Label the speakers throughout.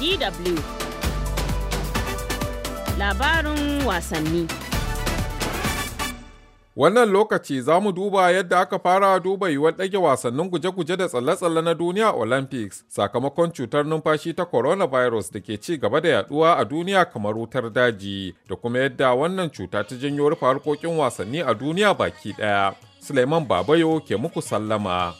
Speaker 1: DW Labarin wasanni
Speaker 2: Wannan lokaci za mu duba yadda aka fara duba yiwuwar ɗage wasannin guje-guje da tsalle-tsalle na duniya Olympics sakamakon cutar numfashi ta coronavirus da ke ci gaba da yaduwa a duniya kamar wutar daji da kuma yadda wannan cuta ta janyo rufe harkokin wasanni a duniya baki ɗaya. Suleiman Babayo ke muku sallama.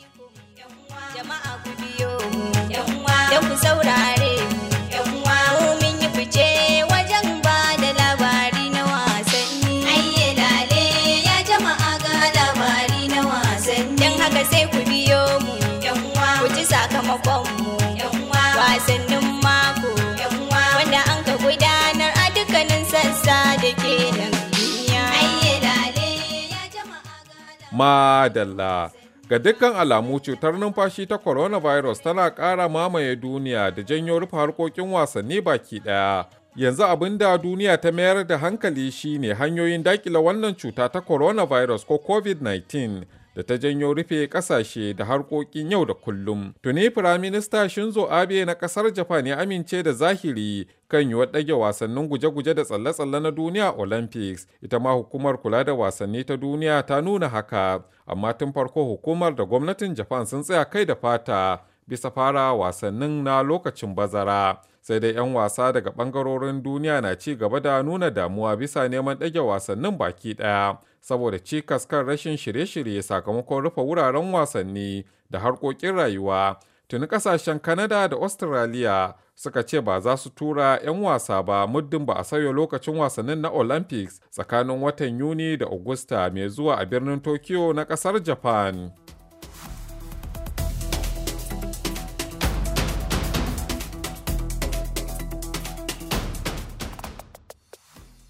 Speaker 2: Madalla. Ga dukkan alamu cutar numfashi ta coronavirus tana ƙara mamaye duniya da janyo rufe harkokin wasanni baki ɗaya. Yanzu abin da duniya ta mayar da hankali shine hanyoyin dakila wannan cuta ta coronavirus ko COVID-19 da ta janyo rufe kasashe da harkokin yau da kullum. Tuni Firaminista Shinzo Abe na kasar Japan ya amince da zahiri kan yi ɗage wasannin guje-guje da tsalle-tsalle na duniya Olympics. Ita ma hukumar kula da wasanni ta duniya ta nuna haka, amma tun farko hukumar da gwamnatin Japan sun tsaya kai da fata bisa fara wasannin na lokacin bazara. sai dai 'yan wasa daga bangarorin duniya na ci gaba da nuna damuwa bisa neman ɗage wasannin baki ɗaya saboda cikas kan rashin shirye-shirye sakamakon rufe wuraren wasanni da harkokin rayuwa tuni kasashen canada da australia suka ce ba za su tura 'yan wasa ba muddin ba a sauya lokacin wasannin na olympics tsakanin watan yuni da augusta mai zuwa a birnin tokyo na kasar japan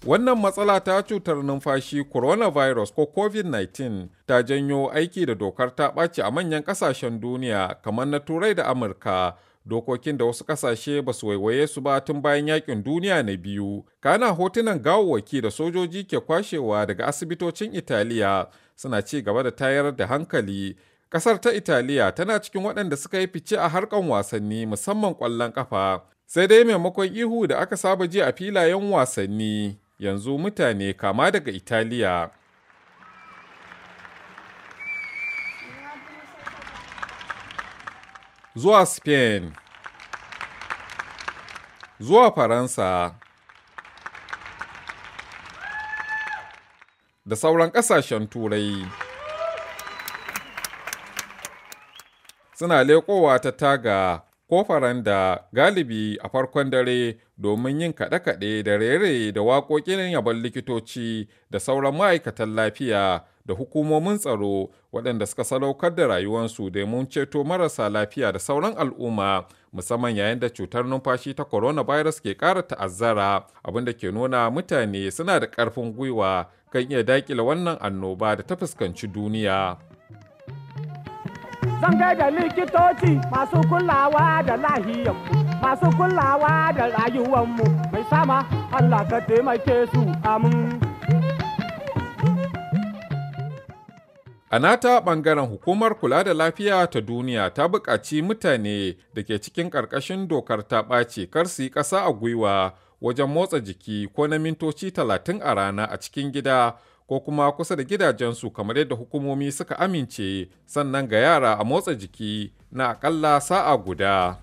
Speaker 2: Wannan matsala ta cutar numfashi coronavirus ko COVID-19 ta janyo aiki da dokar ta ɓaci a manyan ƙasashen duniya kamar na Turai da Amurka. Dokokin da wasu ƙasashe ba su waiwaye su ba tun bayan yakin duniya na biyu. Kana hotunan gawawwaki da sojoji ke kwashewa daga asibitocin Italiya suna ci gaba da tayar da hankali. Ƙasar ta Italiya tana cikin waɗanda suka yi fice a harkan wasanni musamman ƙwallon ƙafa. Sai dai maimakon ihu da aka saba ji a filayen wasanni. yanzu mutane kama daga italiya zuwa spain zuwa faransa da sauran ƙasashen turai suna leƙowa ta taga Kofaranda, da galibi a farkon dare domin yin kaɗe-kaɗe da rere da waƙoƙin yabon likitoci da sauran ma'aikatan lafiya da hukumomin tsaro waɗanda suka salaukar da rayuwarsu domin ceto marasa lafiya da sauran al'umma musamman yayin da cutar numfashi ta coronavirus ke ƙara ta'azzara abinda ke nuna mutane suna da ƙarfin gwiwa kan iya daƙile wannan annoba da ta fuskanci duniya.
Speaker 1: zan da likitoci masu kulawa da lahiyan masu kulawa da rayuwanmu mai sama Allah ka taimake su amin.
Speaker 2: A nata ɓangaren hukumar kula da lafiya ta duniya ta buƙaci mutane da ke cikin ƙarƙashin dokar ta ɓace kar su yi ƙasa a gwiwa wajen motsa jiki ko na mintoci talatin a rana a cikin gida ko kuma kusa da gidajensu kamar yadda hukumomi suka amince sannan ga yara a motsa jiki na aƙalla sa'a guda.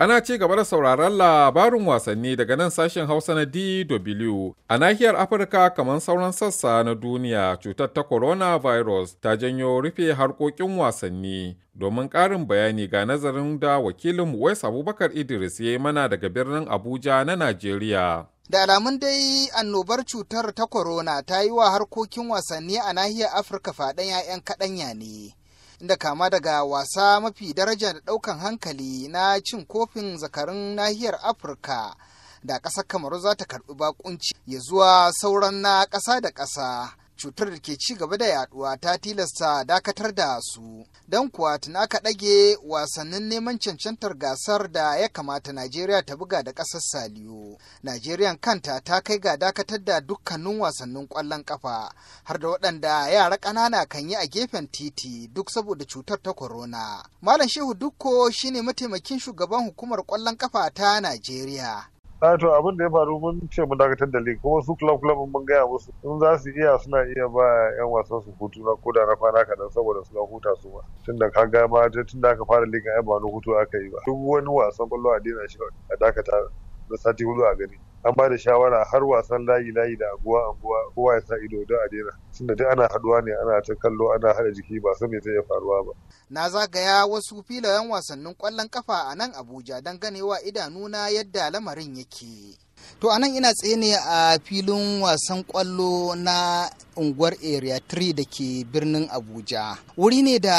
Speaker 2: Ana ce gaba da sauraron labarin wasanni daga nan sashen Hausa na DW. A nahiyar Afirka kamar sauran sassa na duniya cutar ta coronavirus ta janyo rufe harkokin wasanni. Domin ƙarin bayani ga nazarin da wakilin West Abubakar Idris ya yi mana daga birnin Abuja na Najeriya.
Speaker 1: Da alamun dai annobar cutar ta corona ta yi wa harkokin wasanni a nahiyar Afirka faɗan 'ya'yan kaɗanya ne. inda kama daga wasa mafi daraja da ɗaukan hankali na cin kofin zakarun nahiyar afirka da ƙasar kamaru za ta karɓi bakunci ya zuwa sauran na ƙasa da ƙasa cutar da ke ci gaba da yaduwa ta tilasta dakatar da su don kuwa tuna aka ɗage wasannin neman cancantar gasar da ya kamata najeriya ta buga da ƙasar saliyo Najeriya kanta ta kai ga dakatar da dukkanin wasannin ƙwallon ƙafa har da waɗanda yara ƙanana kan yi a gefen titi duk saboda cutar ta corona malam shehu dukko shine mataimakin shugaban hukumar ƙwallon ƙafa ta
Speaker 2: najeriya a ah, to abin da ya faru mun ce mu dakatar da league kuma su club club mun gaya musu in za su iya suna iya ba yan wasan su hutu na koda na kwana kaɗan saboda suna huta su ba tunda ka ga ma tunda aka fara league ai ba hutu aka yi ba duk wani wasan kwallo a daina shi a dakata na sati hudu a gani an ba da shawara har wasan layi layi da aguwa aguwa kowa ya sa ido don a daina tunda duk ana haduwa ne ana ta kallo ana haɗa jiki ba san me zai faruwa ba
Speaker 1: na zagaya wasu filayen wasannin kwallon kafa a nan abuja don ganewa idanuna yadda lamarin yake to anan ina tsaye ne a filin wasan kwallo na unguwar area 3 da ke birnin abuja wuri ne da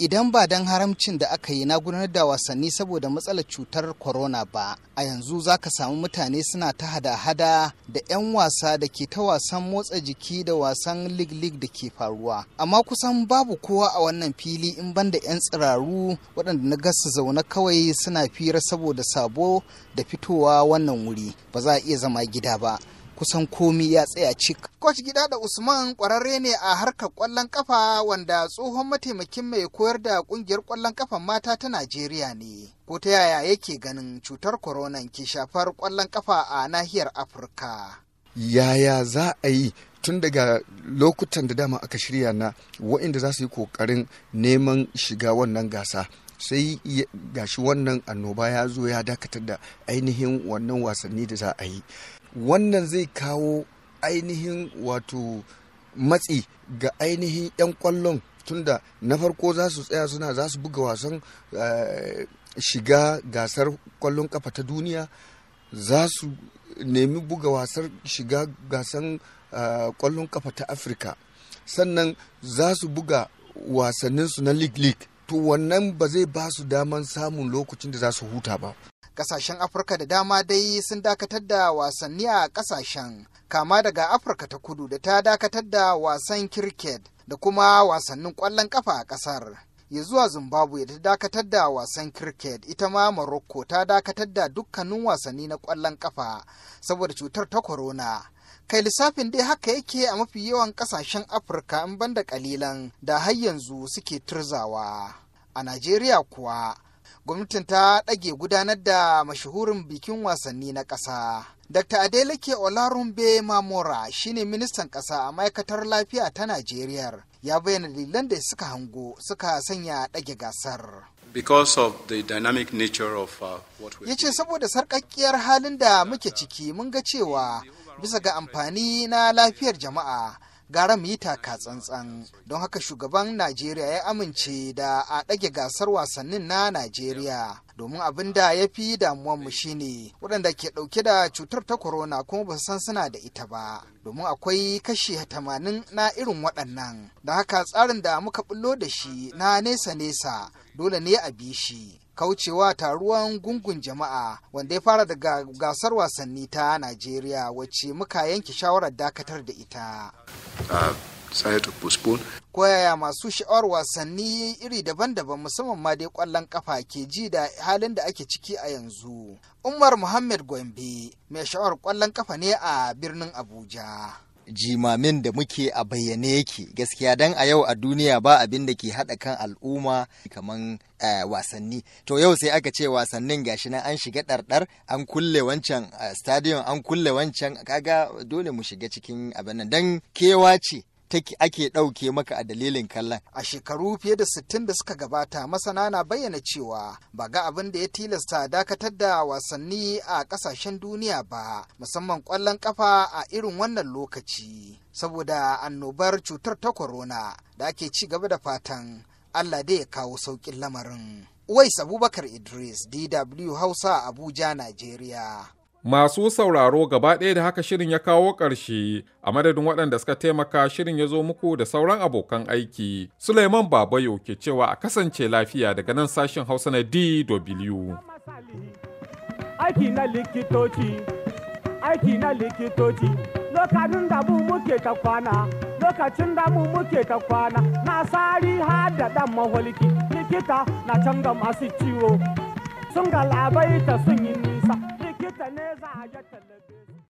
Speaker 1: idan ba don haramcin da aka yi na gudanar da wasanni saboda matsalar cutar corona ba a yanzu za ka samu mutane suna ta hada-hada da 'yan wasa da ke ta wasan motsa jiki da wasan lig-lig da ke faruwa amma kusan babu kowa a wannan fili in ban da 'yan tsiraru waɗanda na gasa zaune kawai suna fira saboda sabo da fitowa wannan wuri ba za a iya zama gida ba kusan komi ya tsaya cik. Coach gida da Usman kwararre ne a harkar kwallon kafa wanda tsohon mataimakin mai koyar da kungiyar kwallon kafan mata ta Najeriya ne. Ko ta yaya yake ganin cutar corona ke shafar kwallon kafa a nahiyar Afirka? Yaya za a yi tun daga lokutan da dama aka shirya na waɗanda za su yi kokarin neman shiga wannan gasa sai gashi wannan annoba ya zo ya dakatar da ainihin wannan wasanni da za a yi wannan zai kawo ainihin wato matsi ga ainihin 'yan kwallon tunda na farko za su tsaya suna za su buga wasan eh, shiga gasar kwallon kafa ta duniya za su nemi buga wasar shiga gasan kwallon eh, kafa ta afirka sannan za su buga wasanninsu na league league to wannan ba zai ba su daman samun lokacin da za su huta ba Ƙasashen Afirka da dama dai sun dakatar da wasanni a ƙasashen, kama daga Afirka ta kudu da ta dakatar da wasan kirket da kuma wasannin ƙwallon ƙafa a ƙasar. Ya zuwa Zimbabwe ta dakatar da wasan kirket ita ma Morocco ta dakatar da dukkanin wasanni na kwallon ƙafa saboda cutar ta corona. kai lissafin dai haka yake a mafi yawan kasashen afirka in banda kalilan da har yanzu suke turzawa a najeriya kuwa gwamnatin ta ɗage gudanar da mashahurin bikin wasanni na ƙasa. Dr. Adeleke Olarunbe Mamora shine ministan ƙasa a ma'aikatar lafiya ta Najeriya ya bayyana dalilan da suka hango suka sanya ɗage gasar.
Speaker 2: Because of the dynamic nature uh,
Speaker 1: saboda sarƙaƙƙiyar halin da muke ciki mun ga cewa bisa ga amfani na lafiyar jama'a gara mita yi tsantsan don haka shugaban najeriya ya amince da a ɗage gasar wasannin na najeriya domin abin da ya fi mu shine waɗanda ke ɗauke da cutar ta corona kuma ba su san suna da ita ba domin akwai kashi tamanin na irin waɗannan da haka tsarin da muka bullo da shi na nesa-nesa dole ne a bi shi kaucewa taruwan gungun jama'a wanda ya fara daga gasar wasanni ta najeriya wacce muka yanke shawarar dakatar da ita uh, koyaya masu sha'awar wasanni iri daban-daban musamman ma dai kwallon kafa ke ji da halin da ake ciki a yanzu. Umar Muhammad Gombe mai sha'awar kwallon kafa ne a birnin Abuja. jimamin da muke a bayyane yake gaskiya dan a yau a duniya ba abin da ke haɗa kan al'umma kamar eh, wasanni to yau sai aka ce wasannin gashi nan an shiga ɗarɗar an kulle wancan eh, stadium an kulle wancan kaga dole mu shiga cikin abin nan don kewa ce take ake ɗauke maka a dalilin kallon. A shekaru fiye da sittin da suka gabata masana na bayyana cewa ba ga abin da ya tilasta dakatar da wasanni a ƙasashen duniya ba musamman ƙwallon ƙafa a irin wannan lokaci saboda annobar cutar ta corona da ake ci gaba da fatan Allah dai ya kawo sauƙin lamarin. Uwais Abubakar Idris, DW Hausa, Abuja, Najeriya.
Speaker 2: Masu sauraro gaba ɗaya da haka shirin ya kawo ƙarshe a madadin waɗanda suka taimaka shirin ya zo muku da sauran abokan aiki. Suleiman Babayo ke cewa a kasance lafiya daga nan sashen Hausa na DW.
Speaker 1: Aiki na likitoci, aiki na likitoci, lokacin da mu muke ta kwana, lokacin da mu muke ta kwana, na sari har da ɗan maholiki, likita na canza masu ciwo, sun galabaita sun yi Ebenezer,